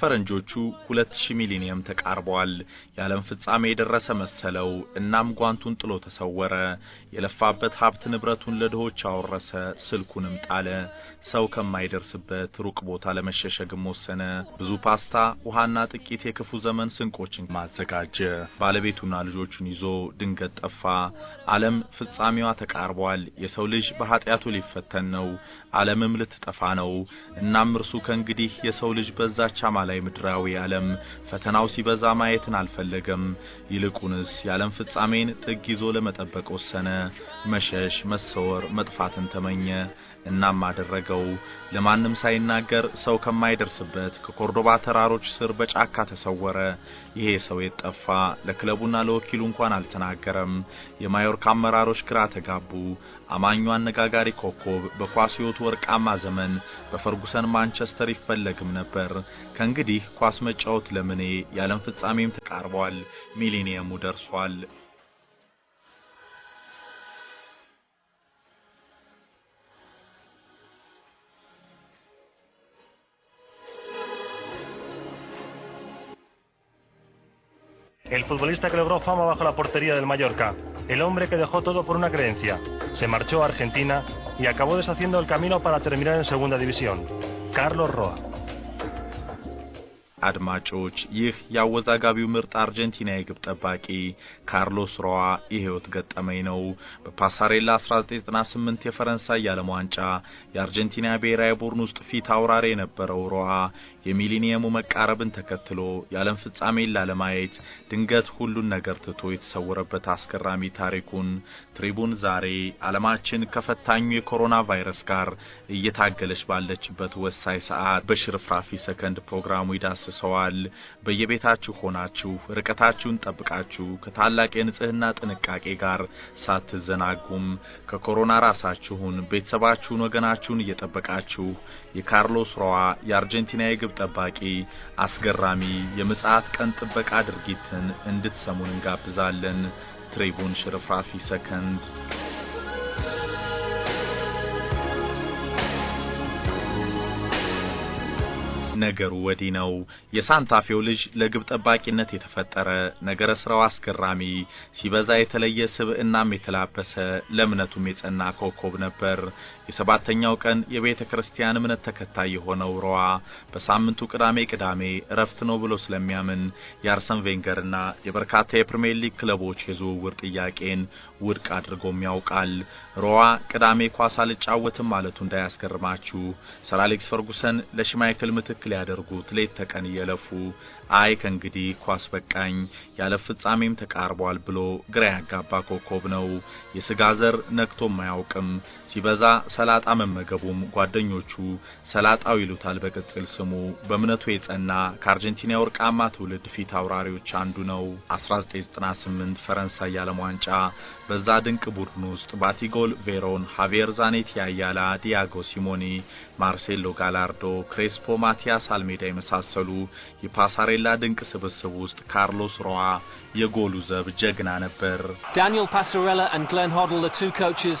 ፈረንጆቹ 2000 ሚሊኒየም ተቃርበዋል። የዓለም ፍጻሜ የደረሰ መሰለው። እናም ጓንቱን ጥሎ ተሰወረ። የለፋበት ሀብት ንብረቱን ለድሆች አወረሰ፣ ስልኩንም ጣለ። ሰው ከማይደርስበት ሩቅ ቦታ ለመሸሸግም ወሰነ። ብዙ ፓስታ፣ ውሃና ጥቂት የክፉ ዘመን ስንቆችን ማዘጋጀ። ባለቤቱና ልጆቹን ይዞ ድንገት ጠፋ። ዓለም ፍጻሜዋ ተቃርቧል። የሰው ልጅ በኃጢአቱ ሊፈተን ነው። ዓለምም ልትጠፋ ነው። እናም እርሱ ከእንግዲህ የሰው ልጅ በዛቻ ማለት ላይ ምድራዊ ዓለም ፈተናው ሲበዛ ማየትን አልፈለገም። ይልቁንስ የዓለም ፍጻሜን ጥግ ይዞ ለመጠበቅ ወሰነ። መሸሽ፣ መሰወር፣ መጥፋትን ተመኘ። እናም አደረገው። ለማንም ሳይናገር ሰው ከማይደርስበት ከኮርዶባ ተራሮች ስር በጫካ ተሰወረ። ይሄ ሰው የጠፋ ለክለቡና ለወኪሉ እንኳን አልተናገረም። የማዮርካ አመራሮች ግራ ተጋቡ። አማኙ አነጋጋሪ ኮከብ በኳስ ሕይወቱ ወርቃማ ዘመን በፈርጉሰን ማንቸስተር ይፈለግም ነበር። El futbolista que logró fama bajo la portería del Mallorca, el hombre que dejó todo por una creencia, se marchó a Argentina y acabó deshaciendo el camino para terminar en segunda división, Carlos Roa. አድማጮች ይህ የአወዛጋቢው ምርጥ አርጀንቲና የግብ ጠባቂ ካርሎስ ሮዋ የህይወት ገጠመኝ ነው። በፓሳሬላ 1998 የፈረንሳይ የዓለም ዋንጫ የአርጀንቲና ብሔራዊ ቡድን ውስጥ ፊት አውራሪ የነበረው ሮዋ የሚሊኒየሙ መቃረብን ተከትሎ የዓለም ፍጻሜን ላለማየት ድንገት ሁሉን ነገር ትቶ የተሰወረበት አስገራሚ ታሪኩን ትሪቡን ዛሬ ዓለማችን ከፈታኙ የኮሮና ቫይረስ ጋር እየታገለች ባለችበት ወሳኝ ሰዓት በሽርፍራፊ ሰከንድ ፕሮግራሙ ይዳስ አፍስሰዋል። በየቤታችሁ ሆናችሁ ርቀታችሁን ጠብቃችሁ ከታላቅ የንጽህና ጥንቃቄ ጋር ሳትዘናጉም ከኮሮና ራሳችሁን፣ ቤተሰባችሁን፣ ወገናችሁን እየጠበቃችሁ የካርሎስ ሮዋ የአርጀንቲና የግብ ጠባቂ አስገራሚ የምጽአት ቀን ጥበቃ ድርጊትን እንድትሰሙን እንጋብዛለን። ትሪቡን ሽርፍራፊ ሰከንድ ነገሩ ወዲህ ነው። የሳንታፌው ልጅ ለግብ ጠባቂነት የተፈጠረ ነገረ ስራው አስገራሚ፣ ሲበዛ የተለየ ስብዕናም የተላበሰ ለእምነቱም የጸና ኮከብ ነበር። የሰባተኛው ቀን የቤተ ክርስቲያን እምነት ተከታይ የሆነው ሮዋ በሳምንቱ ቅዳሜ ቅዳሜ እረፍት ነው ብሎ ስለሚያምን የአርሰን ቬንገርና የበርካታ የፕሪምየር ሊግ ክለቦች የዝውውር ጥያቄን ውድቅ አድርጎም ያውቃል። ሮዋ ቅዳሜ ኳስ አልጫወትም ማለቱ እንዳያስገርማችሁ። ሰር አሌክስ ፈርጉሰን ለሽማይክል ምትክ ሊያደርጉት ሌት ተቀን እየለፉ አይ ከእንግዲህ ኳስ በቃኝ ያለ ፍጻሜም ተቃርቧል ብሎ ግራ ያጋባ ኮከብ ነው። የስጋ ዘር ነክቶም አያውቅም ሲበዛ ሰላጣ መመገቡም ጓደኞቹ ሰላጣው ይሉታል በቅጥል ስሙ በእምነቱ የጸና ከአርጀንቲና የወርቃማ ትውልድ ፊት አውራሪዎች አንዱ ነው። 1998 ፈረንሳይ የዓለም ዋንጫ በዛ ድንቅ ቡድን ውስጥ ባቲጎል ቬሮን፣ ሃቪየር ዛኔቲ አያላ፣ ዲያጎ ሲሞኒ፣ ማርሴሎ ጋላርዶ፣ ክሬስፖ፣ ማቲያስ አልሜዳ የመሳሰሉ የፓሳሬላ ድንቅ ስብስብ ውስጥ ካርሎስ ሮዋ የጎሉ ዘብ ጀግና ነበር። ዳንኤል ፓሳሬላ ግለን ሆድል Hoddle, ኮችስ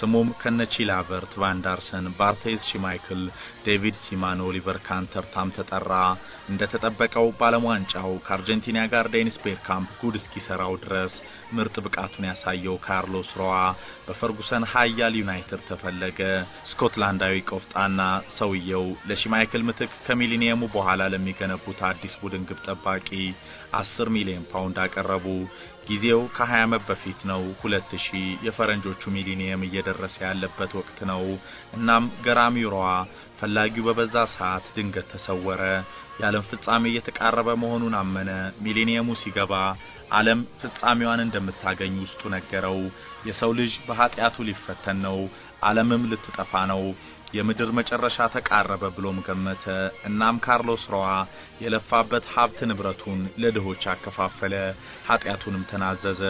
ስሙም ከነቺ ላቨርት ቫንዳርሰን፣ ባርቴዝ ሺማይክል፣ ዴቪድ ሲማን፣ ኦሊቨር ካንተርታም ተጠራ። እንደተጠበቀው በዓለም ከአርጀንቲና ጋር ዴኒስ ቤርካምፕ ጉድ እስኪሰራው ድረስ ምርጥ ብቃቱን ያሳየው ካርሎስ ሮዋ በፈርጉሰን ሀያል ዩናይትድ ተፈለገ። ስኮትላንዳዊ ቆፍጣና ሰውየው ለሽማይክል ምትክ ከሚሊኒየሙ በኋላ ለሚገነቡት አዲስ ቡድን ግብ ጠባቂ 10 ሚሊዮን ፓውንድ አቀረቡ። ጊዜው ከ20 ዓመት በፊት ነው፣ 2000 የፈረንጆቹ ሚሊኒየም እየደረሰ ያለበት ወቅት ነው። እናም ገራሚ ገራሚሯ ፈላጊው በበዛ ሰዓት ድንገት ተሰወረ። የዓለም ፍጻሜ እየተቃረበ መሆኑን አመነ። ሚሌኒየሙ ሲገባ ዓለም ፍጻሜዋን እንደምታገኝ ውስጡ ነገረው። የሰው ልጅ በኃጢአቱ ሊፈተን ነው። ዓለምም ልትጠፋ ነው፣ የምድር መጨረሻ ተቃረበ ብሎም ገመተ። እናም ካርሎስ ሮዋ የለፋበት ሀብት ንብረቱን ለድሆች አከፋፈለ። ኃጢአቱንም ተናዘዘ።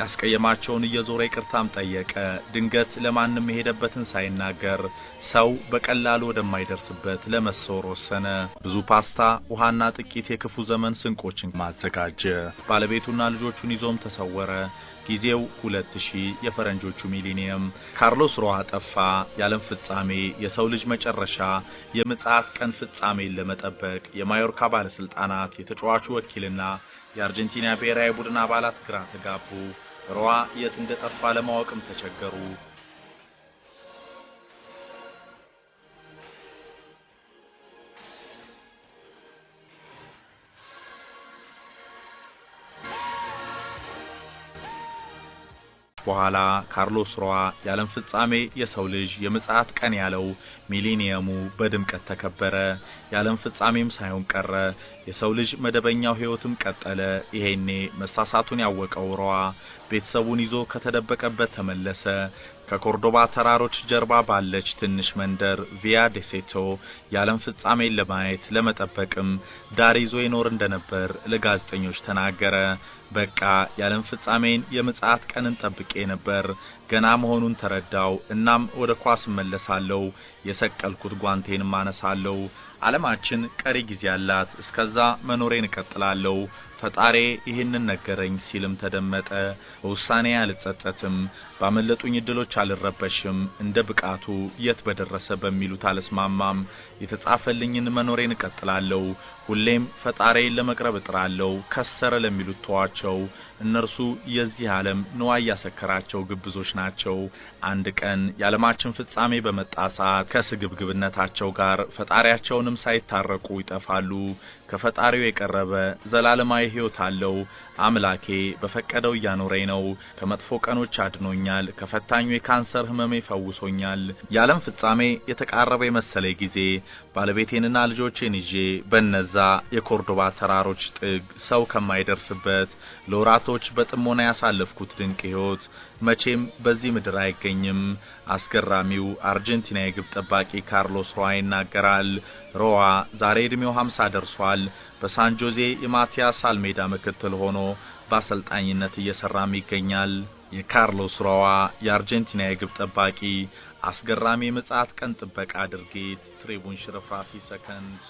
ያስቀየማቸውን እየዞረ ይቅርታም ጠየቀ። ድንገት ለማንም የሄደበትን ሳይናገር ሰው በቀላሉ ወደማይደርስበት ለመሰወር ወሰነ። ብዙ ፓስታ፣ ውሃና ጥቂት የክፉ ዘመን ስንቆችን ማዘጋጀ። ባለቤቱና ልጆቹን ይዞም ተሰወረ። ጊዜው 2000 የፈረንጆቹ ሚሊኒየም ካርሎስ ሮሃ ጠፋ። የዓለም ፍጻሜ፣ የሰው ልጅ መጨረሻ፣ የምጽአት ቀን ፍጻሜን ለመጠበቅ የማዮርካ ባለስልጣናት፣ የተጫዋቹ ወኪልና የአርጀንቲና ብሔራዊ ቡድን አባላት ግራ ተጋቡ። ሮሃ የት እንደጠፋ ለማወቅም ተቸገሩ። በኋላ ካርሎስ ሮዋ የዓለም ፍጻሜ የሰው ልጅ የምጽአት ቀን ያለው ሚሊኒየሙ በድምቀት ተከበረ። የዓለም ፍጻሜም ሳይሆን ቀረ። የሰው ልጅ መደበኛው ሕይወትም ቀጠለ። ይሄኔ መሳሳቱን ያወቀው ሮዋ ቤተሰቡን ይዞ ከተደበቀበት ተመለሰ። ከኮርዶባ ተራሮች ጀርባ ባለች ትንሽ መንደር ቪያ ዴሴቶ የዓለም ፍጻሜን ለማየት ለመጠበቅም ዳር ይዞ ይኖር እንደነበር ለጋዜጠኞች ተናገረ። በቃ የዓለም ፍጻሜን የምጽአት ቀንን ጠብቄ ነበር፣ ገና መሆኑን ተረዳው። እናም ወደ ኳስ እመለሳለሁ፣ የሰቀልኩት ጓንቴንም አነሳለሁ። ዓለማችን ቀሪ ጊዜ አላት፣ እስከዛ መኖሬን እቀጥላለሁ። ፈጣሬ ይህንን ነገረኝ ሲልም ተደመጠ። በውሳኔ አልጸጸትም። ባመለጡኝ እድሎች አልረበሽም፣ እንደ ብቃቱ የት በደረሰ በሚሉት አልስማማም። የተጻፈልኝን መኖሬን እቀጥላለሁ። ሁሌም ፈጣሪዬን ለመቅረብ እጥራለሁ። ከሰረ ለሚሉት ተዋቸው፣ እነርሱ የዚህ ዓለም ንዋይ ያሰከራቸው ግብዞች ናቸው። አንድ ቀን የዓለማችን ፍጻሜ በመጣ ሰዓት ከስግብግብነታቸው ጋር ፈጣሪያቸውንም ሳይታረቁ ይጠፋሉ። ከፈጣሪው የቀረበ ዘላለማዊ ሕይወት አለው። አምላኬ በፈቀደው እያኖረኝ ነው። ከመጥፎ ቀኖች አድኖኛል። ከፈታኙ የካንሰር ህመሜ ፈውሶኛል። የዓለም ፍጻሜ የተቃረበ የመሰለኝ ጊዜ ባለቤቴንና ልጆቼን ይዤ በነዛ የኮርዶባ ተራሮች ጥግ ሰው ከማይደርስበት ለወራቶች በጥሞና ያሳለፍኩት ድንቅ ህይወት መቼም በዚህ ምድር አይገኝም። አስገራሚው አርጀንቲና የግብ ጠባቂ ካርሎስ ሮዋ ይናገራል። ሮዋ ዛሬ ዕድሜው 50 ደርሷል። ጆዜ የማቲያስ አልሜዳ ምክትል ሆኖ በአሰልጣኝነት እየሰራም ይገኛል። የካርሎስ ሮዋ የአርጀንቲና የግብ ጠባቂ አስገራሚ ምጽአት ቀን ጥበቃ ድርጊት ትሪቡን ሽርፍራፊ ሰከንድ